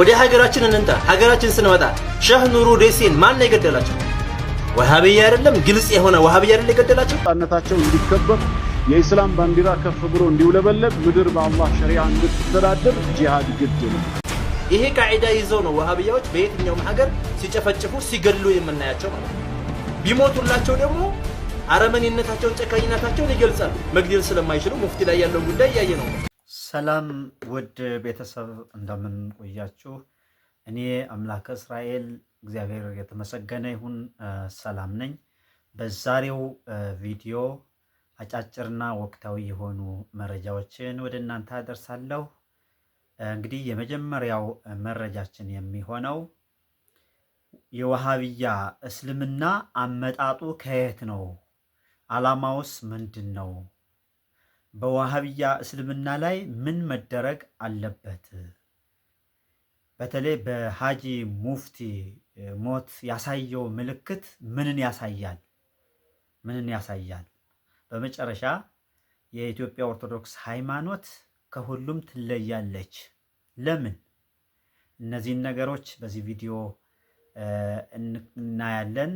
ወደ ሀገራችን እንንታ። ሀገራችን ስንመጣ ሸህ ኑሩ ዴሴን ማን ነው የገደላቸው? ወሃብያ አይደለም፣ ግልጽ የሆነ ወሃብያ አይደለም የገደላቸው። ነታቸው እንዲከበር የኢስላም ባንዲራ ከፍ ብሎ እንዲውለበለብ ምድር በአላህ ሸሪዓ እንድትተዳደር ጂሃድ ግድ ነው። ይሄ ቃዒዳ ይዘው ነው ወሃብያዎች በየትኛውም ሀገር ሲጨፈጭፉ ሲገድሉ የምናያቸው ማለት ነው። ቢሞቱላቸው ደግሞ አረመኔነታቸውን ጨካኝነታቸውን ይገልጻሉ። መግደል ስለማይችሉ ሙፍቲ ላይ ያለው ጉዳይ እያየ ነው። ሰላም ውድ ቤተሰብ እንደምን ቆያችሁ? እኔ አምላከ እስራኤል እግዚአብሔር የተመሰገነ ይሁን ሰላም ነኝ። በዛሬው ቪዲዮ አጫጭርና ወቅታዊ የሆኑ መረጃዎችን ወደ እናንተ አደርሳለሁ። እንግዲህ የመጀመሪያው መረጃችን የሚሆነው የወሃቢያ እስልምና አመጣጡ ከየት ነው? ዓላማውስ ምንድን ነው? በዋሃብያ እስልምና ላይ ምን መደረግ አለበት? በተለይ በሃጂ ሙፍቲ ሞት ያሳየው ምልክት ምንን ያሳያል? ምንን ያሳያል? በመጨረሻ የኢትዮጵያ ኦርቶዶክስ ሃይማኖት ከሁሉም ትለያለች ለምን? እነዚህን ነገሮች በዚህ ቪዲዮ እናያለን።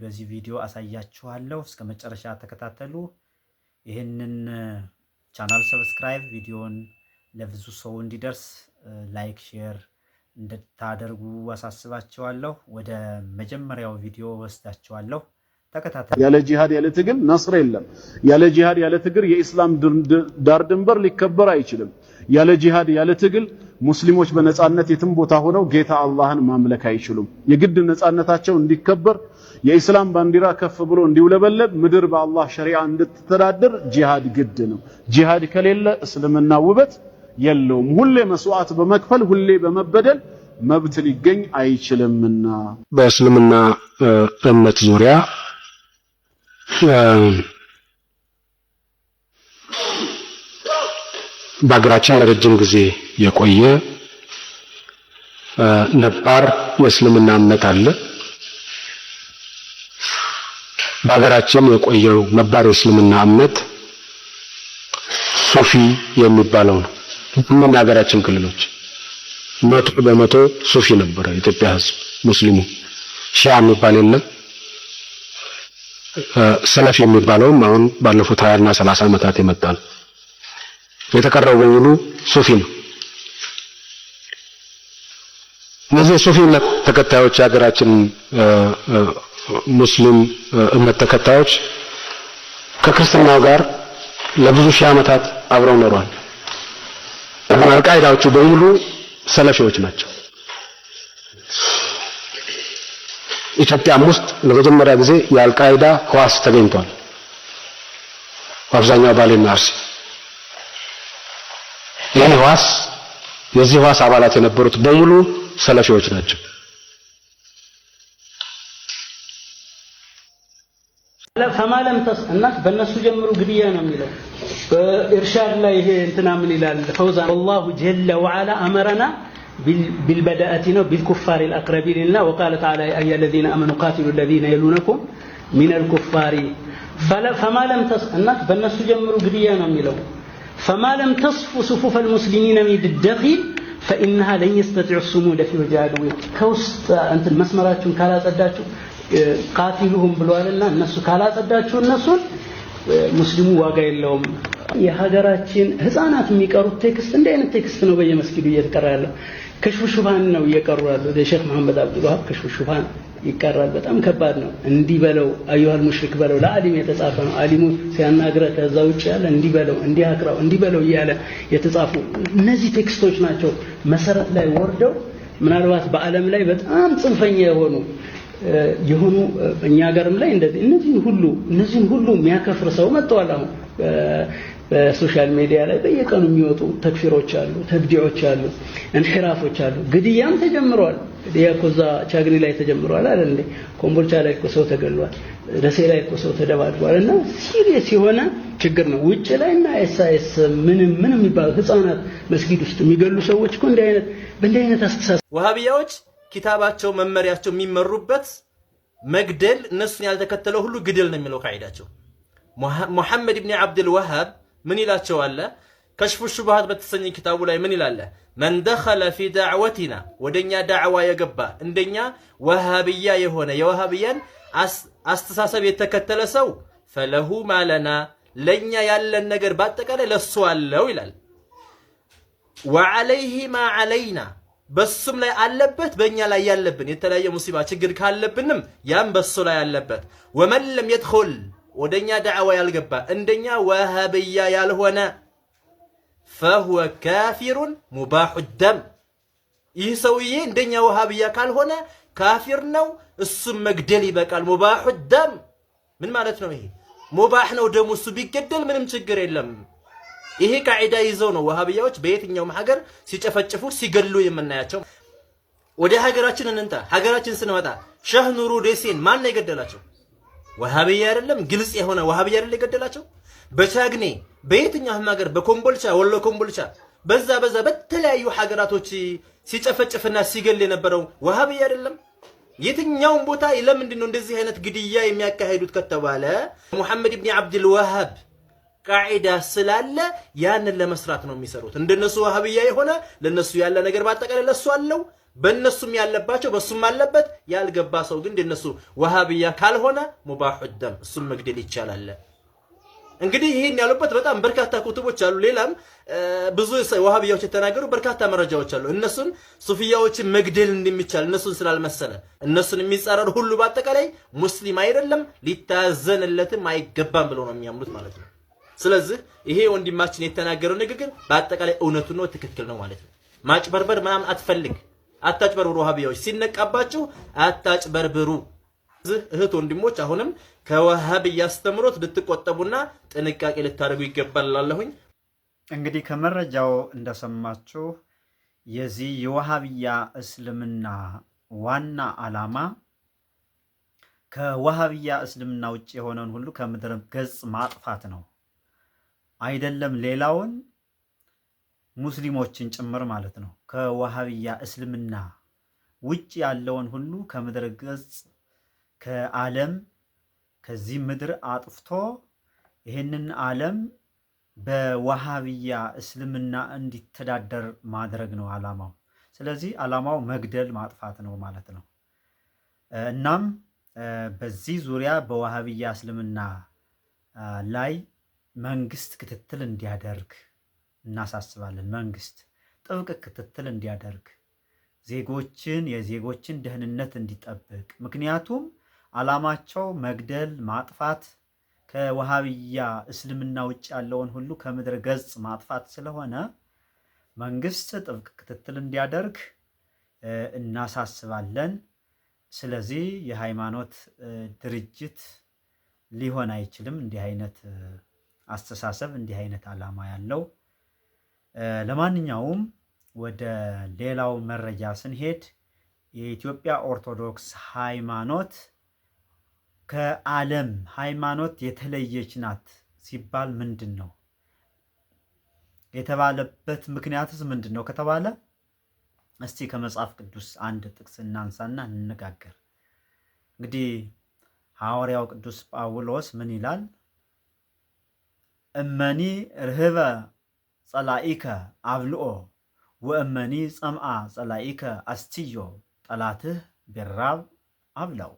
በዚህ ቪዲዮ አሳያችኋለሁ። እስከ መጨረሻ ተከታተሉ። ይህንን ቻናል ሰብስክራይብ፣ ቪዲዮን ለብዙ ሰው እንዲደርስ ላይክ፣ ሼር እንድታደርጉ አሳስባቸዋለሁ። ወደ መጀመሪያው ቪዲዮ ወስዳቸዋለሁ። ተከታታይ ያለ ጂሃድ ያለ ትግል ነስር የለም። ያለ ጂሃድ ያለ ትግል የኢስላም ዳር ድንበር ሊከበር አይችልም። ያለ ጂሃድ ያለ ትግል ሙስሊሞች በነጻነት የትም ቦታ ሆነው ጌታ አላህን ማምለክ አይችሉም። የግድ ነጻነታቸው እንዲከበር የኢስላም ባንዲራ ከፍ ብሎ እንዲውለበለብ ምድር በአላህ ሸሪዓ እንድትተዳደር ጂሃድ ግድ ነው። ጂሃድ ከሌለ እስልምና ውበት የለውም። ሁሌ መስዋዕት በመክፈል ሁሌ በመበደል መብት ሊገኝ አይችልምና በእስልምና እምነት ዙሪያ በሀገራችን ለረጅም ጊዜ የቆየ ነባር የእስልምና እምነት አለ። በሀገራችን የቆየው ነባር እስልምና እምነት ሱፊ የሚባለው ነው። ምን የሀገራችን ክልሎች መቶ በመቶ ሱፊ ነበረ ኢትዮጵያ ህዝብ ሙስሊሙ። ሺዓ የሚባል የለም። ሰለፍ የሚባለውም አሁን ባለፉት ሀያና ሰላሳ ዓመታት የመጣ ነው። የተቀረው በሙሉ ሱፊ ነው። እነዚህ ሱፊ ተከታዮች የሀገራችን ሙስሊም እምነት ተከታዮች ከክርስትናው ጋር ለብዙ ሺህ ዓመታት አብረው ኖሯል። አልቃይዳዎቹ በሙሉ ሰለፊዎች ናቸው። ኢትዮጵያም ውስጥ ለመጀመሪያ ጊዜ የአልቃይዳ ህዋስ ተገኝቷል። በአብዛኛው ባሌና አርሲ። ይህ ህዋስ የዚህ ህዋስ አባላት የነበሩት በሙሉ ሰለፊዎች ናቸው። فما لم በእነሱ ጀምሩ نعم، جمروا ነው የሚለው إرشاد الله ይሄ እንትና إلى ይላል ፈውዛን نعم جل وعلا أمرنا አመረና بالبداءة بالكفار الأقربين لنا وقال تعالى يا أيها الذين آمنوا قاتلوا الذين يلونكم من الكفار فما لم تصف الناس نعم، بالناس جمروا قديانا ملو فما لم تصف صفوف المسلمين من الدخيل فإنها لن يستطيع الصمود في وجه كوست أنت المسمرات كالا ቃቲሉሁም ብሏልና እነሱ ካላጸዳችሁ እነሱን ሙስሊሙ ዋጋ የለውም። የሀገራችን ህፃናት የሚቀሩት ቴክስት እንዲህ አይነት ቴክስት ነው በየመስጊዱ እየተቀራ ያለው። ከሽብሽባን ነው እየቀሩ ያለው። ለሼክ መሐመድ አብዱልዋሃብ ከሽብሽባን ይቀራል። በጣም ከባድ ነው። እንዲህ በለው አዩሃል ሙሽሪክ በለው ለአሊም የተጻፈ ነው። አሊሙ ሲያናግረ ከዛ ውጭ ያለ እንዲህ በለው እንዲህ አቅራው እንዲህ በለው እያለ የተጻፉ እነዚህ ቴክስቶች ናቸው መሰረት ላይ ወርደው ምናልባት በዓለም ላይ በጣም ጽንፈኛ የሆኑ የሆኑ እኛ ሀገርም ላይ እንደዚህ እነዚህን ሁሉ እነዚህን ሁሉ የሚያከፍር ሰው መጥተዋል። አሁን በሶሻል ሚዲያ ላይ በየቀኑ የሚወጡ ተክፊሮች አሉ፣ ተብዲዎች አሉ፣ እንሕራፎች አሉ። ግድያም ተጀምሯል። ግድያ እኮ እዛ ቻግኒ ላይ ተጀምሯል አለ እንደ ኮምቦልቻ ላይ እኮ ሰው ተገሏል፣ ደሴ ላይ እኮ ሰው ተደባድቧል። እና ሲሪየስ የሆነ ችግር ነው። ውጭ ላይ እና ኤስአኤስ ምንም ምንም የሚባሉ ህፃናት መስጊድ ውስጥ የሚገሉ ሰዎች እኮ እንዲህ አይነት በእንዲህ አይነት አስተሳሰብ ወሃቢያዎች ኪታባቸው መመሪያቸው የሚመሩበት መግደል እነሱን ያልተከተለው ሁሉ ግደል ነው የሚለው ካዳቸው። ሙሐመድ ብኒ ወሃብ ምን አለ ከሽፉ ሹብሃት በተሰኘ ኪታቡ ላይ ምን ይላለ? መን ደኸለ ፊ ዳዕወቲና ወደኛ ዳዕዋ የገባ እንደኛ ወሃብያ የሆነ የወሃብያን አስተሳሰብ የተከተለ ሰው ፈለሁ ማለና ለእኛ ያለን ነገር ባጠቃላይ ለሱ አለው ይላል። ወዓለይህ ማ ዓለይና በሱም ላይ አለበት በእኛ ላይ ያለብን የተለያየ ሙሲባ ችግር ካለብንም ያም በሱ ላይ አለበት። ወመን ለም የድኹል ወደኛ ዳዕዋ ያልገባ እንደኛ ወሃብያ ያልሆነ ፈሁወ ካፊሩን ሙባሑ ደም ይህ ሰውዬ እንደኛ ወሃብያ ካልሆነ ካፊር ነው። እሱም መግደል ይበቃል። ሙባሑ ደም ምን ማለት ነው? ይሄ ሙባህ ነው ደሙ። እሱ ቢገደል ምንም ችግር የለም። ይሄ ቃዒዳ ይዘው ነው ወሃብያዎች በየትኛውም ሀገር ሲጨፈጭፉ ሲገሉ የምናያቸው። ወደ ሀገራችን እንንታ። ሀገራችን ስንመጣ ሸህ ኑሩ ደሴን ማን ነው የገደላቸው? ወሃብያ አይደለም? ግልጽ የሆነ ወሃብያ አይደለም የገደላቸው? በቻግኔ በየትኛውም ሀገር በኮምቦልቻ ወሎ ኮምቦልቻ፣ በዛ በዛ በተለያዩ ሀገራቶች ሲጨፈጭፍና ሲገል የነበረው ወሃብያ አይደለም? የትኛውም ቦታ ለምንድን ነው እንደዚህ አይነት ግድያ የሚያካሂዱት ከተባለ ሙሐመድ አብዱል ወሃብ ቃዒዳ ስላለ ያንን ለመስራት ነው የሚሰሩት። እንደነሱ ዋህብያ የሆነ ለነሱ ያለ ነገር ባጠቃላይ ለሱ አለው በእነሱም ያለባቸው በሱም አለበት። ያልገባ ሰው ግን እንደነሱ ዋሃብያ ካልሆነ ሙባሑ ደም እሱም መግደል ይቻላል። እንግዲህ ይህን ያሉበት በጣም በርካታ ኩቱቦች አሉ። ሌላም ብዙ ዋሃብያዎች የተናገሩ በርካታ መረጃዎች አሉ። እነሱን ሱፊያዎችን መግደል እንደሚቻል እነሱን ስላልመሰለ እነሱን የሚጻረር ሁሉ በአጠቃላይ ሙስሊም አይደለም ሊታዘንለትም አይገባም ብለው ነው የሚያምኑት ማለት ነው። ስለዚህ ይሄ ወንድማችን የተናገረው ንግግር በአጠቃላይ እውነቱ ነው፣ ትክክል ነው ማለት ነው። ማጭበርበር ምናምን አትፈልግ፣ አታጭበርብሩ። ወሃቢያዎች ሲነቃባችሁ አታጭበርብሩ። ዝህ እህት ወንድሞች፣ አሁንም ከወሃቢያ አስተምሮት ልትቆጠቡና ጥንቃቄ ልታደርጉ ይገባል እላለሁኝ። እንግዲህ ከመረጃው እንደሰማችሁ የዚህ የወሃቢያ እስልምና ዋና ዓላማ ከወሃቢያ እስልምና ውጭ የሆነውን ሁሉ ከምድር ገጽ ማጥፋት ነው። አይደለም ሌላውን ሙስሊሞችን ጭምር ማለት ነው። ከዋሃብያ እስልምና ውጭ ያለውን ሁሉ ከምድር ገጽ ከዓለም ከዚህ ምድር አጥፍቶ ይህንን ዓለም በዋሃብያ እስልምና እንዲተዳደር ማድረግ ነው ዓላማው። ስለዚህ ዓላማው መግደል ማጥፋት ነው ማለት ነው። እናም በዚህ ዙሪያ በዋሃብያ እስልምና ላይ መንግስት ክትትል እንዲያደርግ እናሳስባለን። መንግስት ጥብቅ ክትትል እንዲያደርግ ዜጎችን የዜጎችን ደህንነት እንዲጠብቅ ምክንያቱም ዓላማቸው መግደል፣ ማጥፋት ከወሃብያ እስልምና ውጭ ያለውን ሁሉ ከምድር ገጽ ማጥፋት ስለሆነ መንግስት ጥብቅ ክትትል እንዲያደርግ እናሳስባለን። ስለዚህ የሃይማኖት ድርጅት ሊሆን አይችልም እንዲህ አይነት አስተሳሰብ እንዲህ አይነት ዓላማ ያለው። ለማንኛውም ወደ ሌላው መረጃ ስንሄድ የኢትዮጵያ ኦርቶዶክስ ሃይማኖት ከዓለም ሃይማኖት የተለየች ናት ሲባል ምንድን ነው የተባለበት ምክንያትስ ምንድን ነው ከተባለ እስቲ ከመጽሐፍ ቅዱስ አንድ ጥቅስ እናንሳና እንነጋገር። እንግዲህ ሐዋርያው ቅዱስ ጳውሎስ ምን ይላል? እመኒ ርህበ ጸላኢከ አብልኦ ወእመኒ ጸምአ ጸላኢከ አስትዮ። ጠላትህ ቢራብ አብላው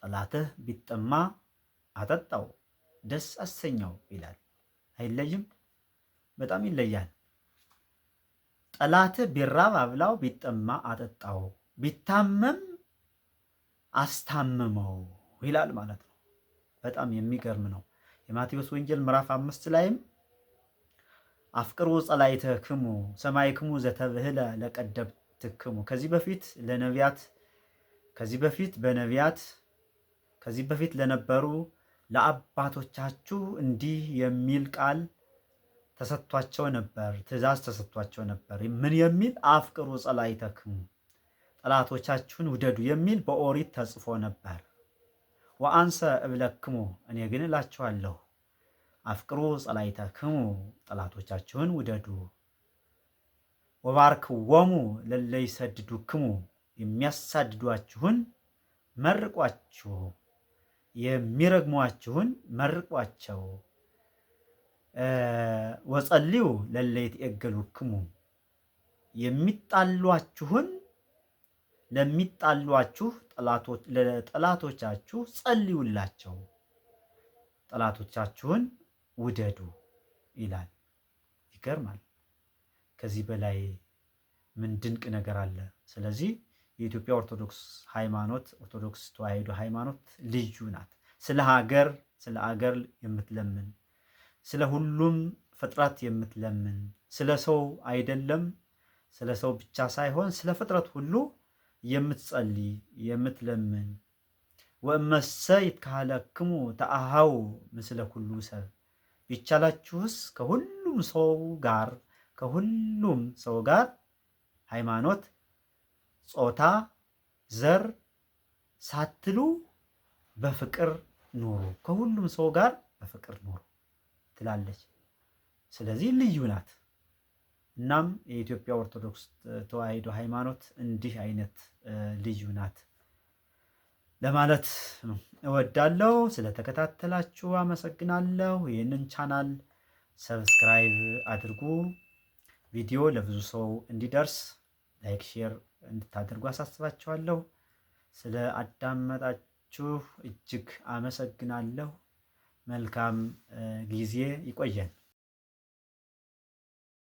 ጠላትህ ቢጠማ አጠጣው፣ ደስ አሰኘው ይላል። አይለይም፣ በጣም ይለያል። ጠላትህ ቢራብ አብላው፣ ቢጠማ አጠጣው፣ ቢታመም አስታምመው ይላል ማለት ነው። በጣም የሚገርም ነው። የማቴዎስ ወንጌል ምዕራፍ አምስት ላይም አፍቅሩ ጸላይተክሙ ሰማይክሙ ዘተብህለ ለቀደምትክሙ ከዚህ በፊት ለነቢያት ከዚህ በፊት በነቢያት ከዚህ በፊት ለነበሩ ለአባቶቻችሁ እንዲህ የሚል ቃል ተሰጥቷቸው ነበር፣ ትእዛዝ ተሰጥቷቸው ነበር። ምን የሚል አፍቅሩ ጸላይተክሙ ጠላቶቻችሁን ውደዱ የሚል በኦሪት ተጽፎ ነበር። ወአንሰ እብለክሙ እኔ ግን እላችኋለሁ አፍቅሩ ጸላይተክሙ ጠላቶቻችሁን ውደዱ፣ ወባርክዎሙ ለለይሰድዱክሙ የሚያሳድዷችሁን መርቋችሁ፣ የሚረግሟችሁን መርቋቸው። ወጸልዩ ለለይትዔገሉክሙ የሚጣሏችሁን ለሚጣሏችሁ ጠላቶቻችሁ ጸልዩላቸው፣ ጠላቶቻችሁን ውደዱ ይላል። ይገርማል። ከዚህ በላይ ምን ድንቅ ነገር አለ? ስለዚህ የኢትዮጵያ ኦርቶዶክስ ሃይማኖት ኦርቶዶክስ ተዋሕዶ ሃይማኖት ልዩ ናት። ስለ ሀገር ስለ አገር የምትለምን ስለ ሁሉም ፍጥረት የምትለምን ስለ ሰው አይደለም ስለ ሰው ብቻ ሳይሆን ስለ ፍጥረት ሁሉ የምትጸልይ የምትለምን ወእመሰ ይትካሃለክሙ ተአሃው ምስለ ኩሉ ሰብ ቢቻላችሁስ ከሁሉም ሰው ጋር ከሁሉም ሰው ጋር ሃይማኖት፣ ጾታ፣ ዘር ሳትሉ በፍቅር ኑሩ፣ ከሁሉም ሰው ጋር በፍቅር ኑሩ ትላለች። ስለዚህ ልዩ ናት። እናም የኢትዮጵያ ኦርቶዶክስ ተዋሕዶ ሃይማኖት እንዲህ አይነት ልዩ ናት ለማለት ነው እወዳለሁ። ስለተከታተላችሁ አመሰግናለሁ። ይህንን ቻናል ሰብስክራይብ አድርጉ። ቪዲዮ ለብዙ ሰው እንዲደርስ ላይክ፣ ሼር እንድታደርጉ አሳስባችኋለሁ። ስለ አዳመጣችሁ እጅግ አመሰግናለሁ። መልካም ጊዜ። ይቆየን።